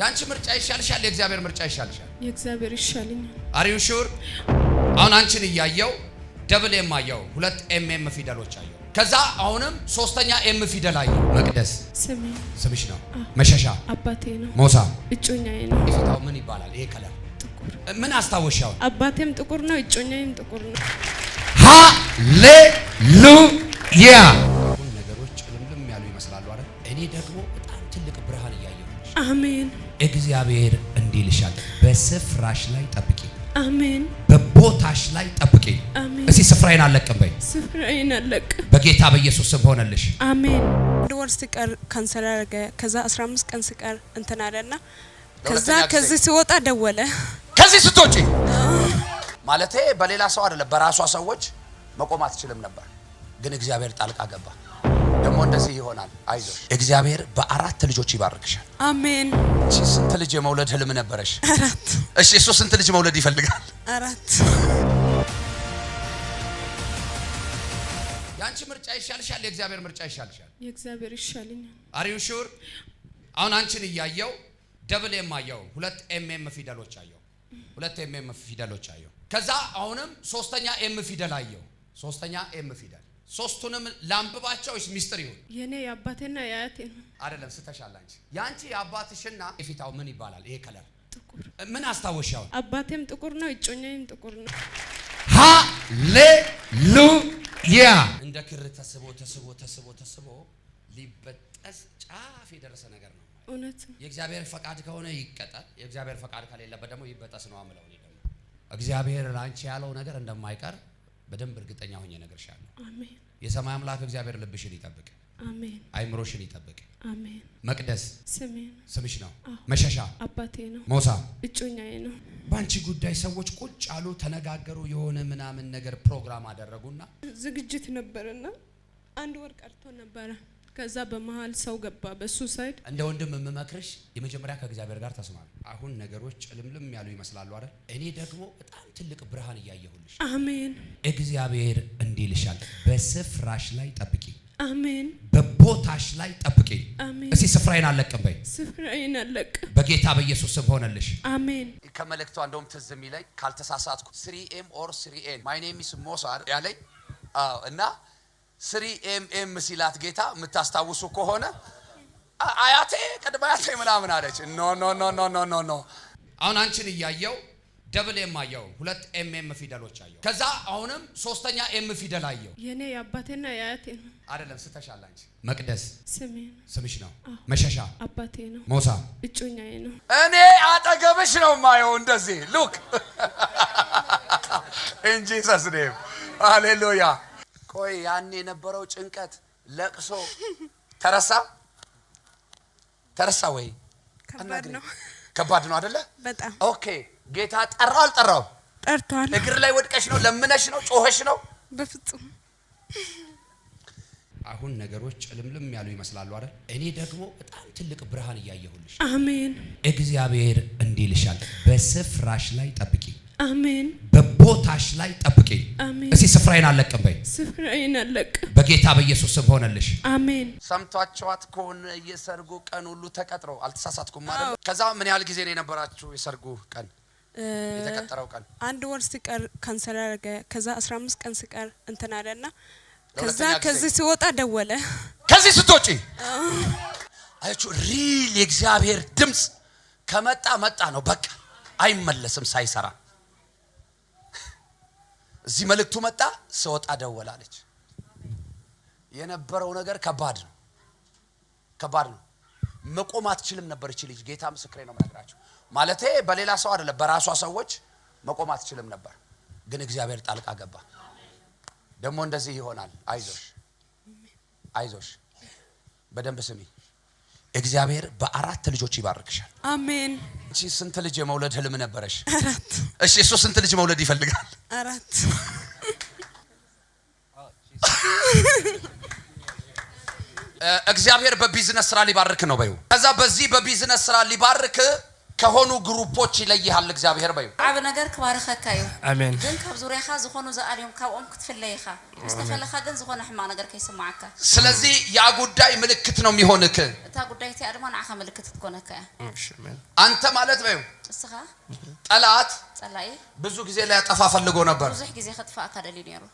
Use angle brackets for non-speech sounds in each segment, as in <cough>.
የአንቺ ምርጫ ይሻልሻል፣ የእግዚአብሔር ምርጫ ይሻልሻል። የእግዚአብሔር ይሻልኛል። አር ሹር? አሁን አንቺን እያየው ደብል ኤም አየው፣ ሁለት ኤም ኤም ፊደሎች አየው። ከዛ አሁንም ሶስተኛ ኤም ፊደል አየ። መቅደስ ስምሽ ነው። መሸሻ አባቴ ነው። ሞሳ እጮኛዬ ነው። ይፈታው ምን ይባላል ይሄ ከለር? ምን አስታወሻው? አባቴም ጥቁር ነው፣ እጮኛዬም ጥቁር ነው። ሃሌሉያ ነገሮች ልምልም ያሉ ይመስላሉ አይደል? እኔ ደግሞ በጣም ትልቅ ብርሃን እያየሁ አሜን እግዚአብሔር እንዲህ ይልሻል፣ በስፍራሽ ላይ ጠብቂ። አሜን። በቦታሽ ላይ ጠብቂ። አሜን። እዚህ ስፍራዬን አለቅም በይ። ስፍራዬን አለቅም በጌታ በኢየሱስ ስም ሆነልሽ። አሜን። አንድ ወር ሲቀር ካንሰል አደረገ። ከዛ 15 ቀን ሲቀር እንትን አለና ከዛ ከዚህ ሲወጣ ደወለ። ከዚህ ስትወጪ ማለቴ በሌላ ሰው አይደለም፣ በራሷ ሰዎች መቆም አትችልም ነበር፣ ግን እግዚአብሔር ጣልቃ ገባ። ደግሞ እንደዚህ ይሆናል። አይዞ እግዚአብሔር በአራት ልጆች ይባርክሻል። አሜን። እሺ ስንት ልጅ የመውለድ ህልም ነበረሽ? አራት። እሺ እሱ ስንት ልጅ መውለድ ይፈልጋል? አራት። የአንቺ ምርጫ ይሻልሻል? የእግዚአብሔር ምርጫ ይሻልሻል? የእግዚአብሔር ይሻልኛል። አር ሹር? አሁን አንቺን እያየው ደብል ኤም አየው፣ ሁለት ኤም ኤም ፊደሎች አየው፣ ሁለት ኤም ኤም ፊደሎች አየው። ከዛ አሁንም ሶስተኛ ኤም ፊደል አየው፣ ሶስተኛ ኤም ፊደል ሶስቱንም ላንብባቸው ወይስ ሚስጥር ይሁን? የኔ የአባቴና የአያቴ ነው። አይደለም ስተሻል። አንቺ ያንቺ የአባትሽና የፊታው ምን ይባላል? ይሄ ከለር ጥቁር ምን አስታወሻው? አባቴም ጥቁር ነው፣ እጮኛዬም ጥቁር ነው። ሃሌሉያ! እንደ ክር ተስቦ ተስቦ ተስቦ ተስቦ ሊበጠስ ጫፍ የደረሰ ነገር ነው። እውነት የእግዚአብሔር ፈቃድ ከሆነ ይቀጠል፣ የእግዚአብሔር ፈቃድ ከሌለበት ደግሞ ይበጠስ ነው። አምለው እግዚአብሔር ላንቺ ያለው ነገር እንደማይቀር በደንብ እርግጠኛ ሆኜ እነግርሻለሁ። የሰማይ አምላክ እግዚአብሔር ልብሽን ይጠብቅ። አሜን። አይምሮሽን ይጠብቅ። መቅደስ ስምሽ ነው። መሸሻ አባቴ ነው። ሞሳ እጮኛዬ ነው። በአንቺ ጉዳይ ሰዎች ቁጭ አሉ፣ ተነጋገሩ፣ የሆነ ምናምን ነገር ፕሮግራም አደረጉና ዝግጅት ነበርና አንድ ወር ቀርቶ ነበረ ከዛ በመሀል ሰው ገባ። በሱ ሳይድ እንደ ወንድም የምመክርሽ የመጀመሪያ ከእግዚአብሔር ጋር ተስማሚ። አሁን ነገሮች ጭልምልም ያሉ ይመስላሉ አይደል? እኔ ደግሞ በጣም ትልቅ ብርሃን እያየሁልሽ። አሜን። እግዚአብሔር እንዲህ ይልሻል፣ በስፍራሽ ላይ ጠብቂ። አሜን። በቦታሽ ላይ ጠብቂ። ስፍራዬን አለቅም በይ። ስፍራዬን አለቅ በጌታ ሆነልሽ። አሜን። ከመልእክቷ እንደውም ትዝ የሚለኝ ካልተሳሳትኩ ስሪ ኤም ኦር ስሪ ኤን ማይ ኔም ያለኝ እና ስሪ ኤምኤም ሲላት ጌታ የምታስታውሱ ከሆነ አያቴ ቅድመ አያቴ ምናምን አለች። ኖ ኖ ኖ ኖ ኖ ኖ ኖ። አሁን አንቺን እያየው ደብል ኤም አየው፣ ሁለት ኤም ኤም ፊደሎች አየው። ከዛ አሁንም ሶስተኛ ኤም ፊደል አየው። የኔ የአባቴና የአያቴ ነው አይደለም፣ ስተሻል አንቺ። መቅደስ ስሜ ነው። ስምሽ ነው። መሸሻ አባቴ ነው። ሞሳ እጮኛዬ ነው። እኔ አጠገብሽ ነው ማየው። እንደዚህ ሉክ ኢንጂሰስ ኔም ሃሌሉያ ቆይ ያን የነበረው ጭንቀት፣ ለቅሶ <laughs> ተረሳ ተረሳ ወይ? ከባድ ነው፣ ከባድ ነው አደለ በጣም ኦኬ። ጌታ ጠራው አልጠራው? ጠርቷል። እግር ላይ ወድቀሽ ነው? ለምነሽ ነው? ጮኸሽ ነው? በፍጹም አሁን ነገሮች ጭልምልም ያሉ ይመስላሉ አይደል? እኔ ደግሞ በጣም ትልቅ ብርሃን እያየሁልሽ። አሜን። እግዚአብሔር እንዲልሻል በስፍራሽ ላይ ጠብቂ። አሜን። ቦታሽ ላይ ጠብቂ። እስቲ ስፍራዬን አለቅም በይ። ስፍራዬን አለቅም በጌታ በኢየሱስ ስም ሆነልሽ። አሜን። ሰምቷቸዋት ከሆነ የሰርጉ ቀን ሁሉ ተቀጥሮ አልተሳሳትኩም ማለት ነው። ከዛ ምን ያህል ጊዜ ነው የነበራችሁ የሰርጉ ቀን የተቀጠረው ቀን? አንድ ወር ሲቀር ካንሰል አደረገ። ከዛ 15 ቀን ሲቀር እንትን አለና ከዛ ከዚህ ሲወጣ ደወለ። ከዚህ ስትወጪ አያችሁ ሪል የእግዚአብሔር ድምፅ ከመጣ መጣ ነው በቃ አይመለስም ሳይሰራ እዚህ መልእክቱ መጣ። ስወጣ ደወላለች። የነበረው ነገር ከባድ ነው፣ ከባድ ነው። መቆም አትችልም ነበር እቺ ልጅ። ጌታ ምስክሬ ነው የምነግራቸው። ማለቴ በሌላ ሰው አይደለም፣ በራሷ ሰዎች መቆም አትችልም ነበር። ግን እግዚአብሔር ጣልቃ ገባ። ደግሞ እንደዚህ ይሆናል። አይዞሽ፣ አይዞሽ። በደንብ ስሚ። እግዚአብሔር በአራት ልጆች ይባርክሻል። አሜን። እቺ ስንት ልጅ የመውለድ ህልም ነበረሽ? አራት። እሺ፣ እሱ ስንት ልጅ መውለድ ይፈልጋል? አራት። እግዚአብሔር በቢዝነስ ስራ ሊባርክ ነው በይው። ከዛ በዚህ በቢዝነስ ስራ ሊባርክ ከሆኑ ግሩፖች ይለይሃል እግዚአብሔር በዩ ዓብ ነገር ክባርኸካ እዩ ኣሜን ግን ካብ ዙርያኻ ዝኾኑ ዝኣልዮም ካብኦም ክትፍለይኻ ዝተፈለኻ ግን ዝኾነ ሕማቅ ነገር ከይስማዓካ ስለዚ ያ ጉዳይ ምልክት ነው የሚሆንክ እታ ጉዳይ እቲያ ድማ ንዓኻ ምልክት ትኮነካ እያ አንተ ማለት በዩ እስኻ ጠላት ጸላኢ ብዙ ጊዜ ላይ ጠፋ ፈልጎ ነበር ብዙሕ ጊዜ ከጥፋእካ ደልዩ ነይሩ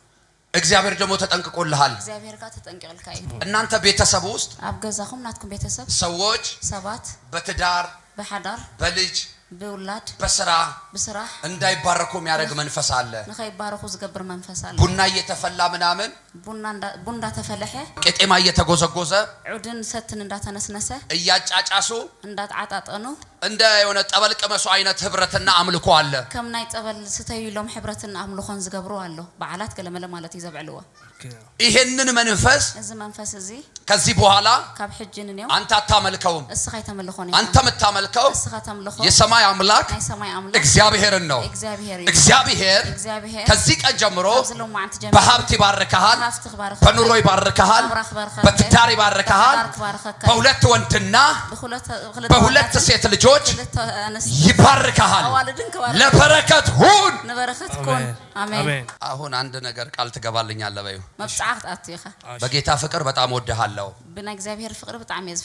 እግዚአብሔር ደግሞ ተጠንቅቆልሃል። እግዚአብሔር ጋር ተጠንቅቆልካ እናንተ ቤተሰብ ውስጥ አብ ገዛኹም ናትኩም ቤተሰብ ሰዎች ሰባት በትዳር በሐዳር በልጅ በውላድ በስራ በስራ እንዳይባረኩ የሚያደርግ መንፈስ አለ። ንኸይባረኩ ዝገብር መንፈስ አለ። ቡና እየተፈላ ምናምን ቡና ተፈለሐ ቄጤማ እየተጎዘጎዘ ዑድን ሰትን እንዳተነስነሰ እያጫጫሱ እንዳጣጣጠኑ عند يوم تقبل كمسو عينة حبرة النعم لكو كم نايت تقبل ستهي لهم حبرة النعم لخون زقبرو على بعلات كلمة لما لا تيزب علوة إيهنن منفس إذا منفس زي كذبوا على كاب حجين نيو أنت تعمل كوم السخاي تعمل لخون أنت متعمل كوم السخاي تعمل لخون يسمى عملاك أي سمى عملاك إخزابي هير النو إخزابي هير إخزابي هير كذيك أجمرو بحبتي باركهال بنوروي باركهال بتتاري باركهال بولت وانتنا بولت سيت الجو ልጆች ይባርካሃል። ለበረከት ሁን። አሁን አንድ ነገር ቃል ትገባልኛለህ በይው። በጌታ ፍቅር በጣም ወድሃለሁ። ብናይ ፍቅር በጣም እየ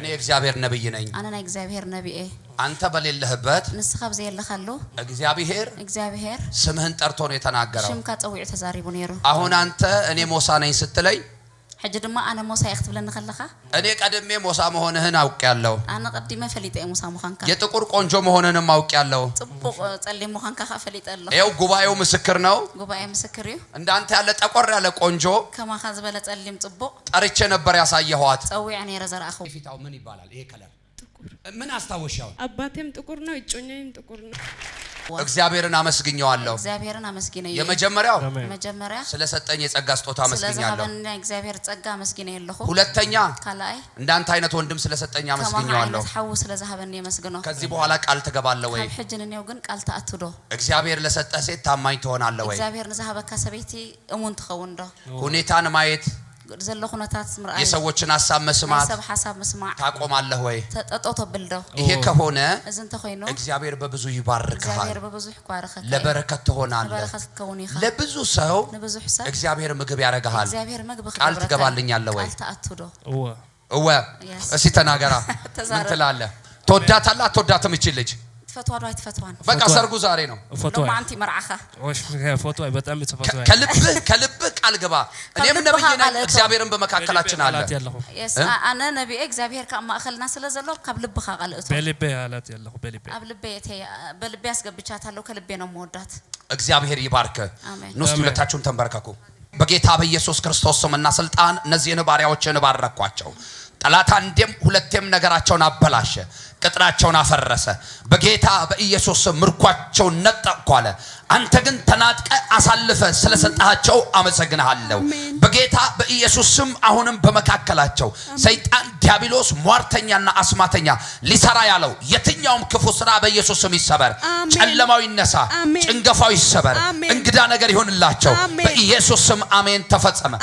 እኔ እግዚአብሔር ነብይ ነኝ። አነ ናይ እግዚአብሔር ነብይ አንተ በሌለህበት ንስኻ ብዘየለካሉ እግዚአብሔር እግዚአብሔር ስምህን ጠርቶ ነው የተናገረው። ሽምካ ፀዊዑ ተዛሪቡ ነይሩ። አሁን አንተ እኔ ሞሳ ነኝ ስትለኝ ሕጂ ድማ ኣነ ሞሳይ ክትብለኒ ከለኻ እኔ ቀድሜ ሞሳ መሆንህን አውቄያለሁ። ኣነ ቀዲመ ፈሊጠ ሞሳ ምዃንካ የጥቁር ቆንጆ መሆንንም አውቄያለሁ። ጽቡቕ ጸሊም ምዃንካ ኸ ፈሊጠ ኣሎ። ይኸው ጉባኤው ምስክር ነው። ጉባኤ ምስክር እዩ። እንዳንተ ያለ ጠቆር ያለ ቆንጆ ከማኻ ዝበለ ጸሊም ጽቡቕ ጠርቼ ነበር ያሳየኋት። ጸዊዕ ነይረ ዘርአኸው ፊታው ምን ይባላል? ይሄ ከለር ምን አስታወሻውን? አባቴም ጥቁር ነው፣ እጮኛዬም ጥቁር ነው። እግዚአብሔርን አመስግኘዋለሁ። እግዚአብሔርን አመስግነኝ። የመጀመሪያው መጀመሪያ ስለሰጠኝ የጸጋ ስጦታ አመስግኛለሁ። እግዚአብሔር ጸጋ አመስግነኝ። ሁለተኛ ካላይ እንዳንተ አይነት ወንድም ስለሰጠኝ አመስግኘዋለሁ። ሐው ስለዛሃበን የመስግነው ከዚህ በኋላ ቃል ትገባለህ ወይ? ሕጅን እኔው ግን ቃል ተአትዶ እግዚአብሔር ለሰጠ ሴት ታማኝ ትሆናለህ ወይ? እግዚአብሔር ንዛሃበካ ሰበይቲ እሙን ትኸውን ዶ ሁኔታን ማየት ዘሎ ኩነታት ምርኣይ የሰዎችን ሀሳብ መስማት ሰብ ሀሳብ መስማዕ ታቆማለህ ወይ ተጠጦቶ ብልዶ ይሄ ከሆነ እዚ እንተኮይኑ እግዚአብሔር በብዙ ይባርክሃል ለበረከት ትሆናለህ ለብዙ ሰው ንብዙሕ ሰብ እግዚአብሔር ምግብ ያደርግሃል እግዚአብሔር ቃል ትገባልኛለህ ወይ እወ እስቲ ተናገራ ምን <laughs> ትላለህ ትወዳታለህ አትወዳትም እቺ ልጅ ትፈቷል ወይ ትፈቷል? በቃ ሰርጉ ዛሬ ነው። ለማንቲ መርዓኻ ወሽ ፎቶ አይ በጣም ከልብህ ከልብህ ቃል ግባ። እኔም ነብይ ነኝ፣ እግዚአብሔርን በመካከላችን አለ። አነ ነብይ እግዚአብሔር ካብ ማእኸልና ስለ ዘሎ ካብ ልብኻ ቃልእቶ በልቤ አላት ያለሁ በልቤ ኣብ ልቤ በልቤ ያስገብቻታለሁ። ከልቤ ነው መወዳት። እግዚአብሔር ይባርክ። ንስ ሁለታችሁም ተንበርከኩ። በጌታ በኢየሱስ ክርስቶስ ስምና ስልጣን እነዚህን ባሪያዎችን ባረኳቸው። ጠላት አንዴም ሁለቴም ነገራቸውን አበላሸ፣ ቅጥራቸውን አፈረሰ። በጌታ በኢየሱስ ምርኳቸውን ነጠቅኩ አለ። አንተ ግን ተናጥቀ አሳልፈ ስለሰጣቸው አመሰግንሃለሁ። በጌታ በኢየሱስ ስም አሁንም በመካከላቸው ሰይጣን ዲያብሎስ ሟርተኛና አስማተኛ ሊሰራ ያለው የትኛውም ክፉ ስራ በኢየሱስ ስም ይሰበር፣ ጨለማው ይነሳ፣ ጭንገፋው ይሰበር፣ እንግዳ ነገር ይሆንላቸው በኢየሱስ ስም አሜን። ተፈጸመ።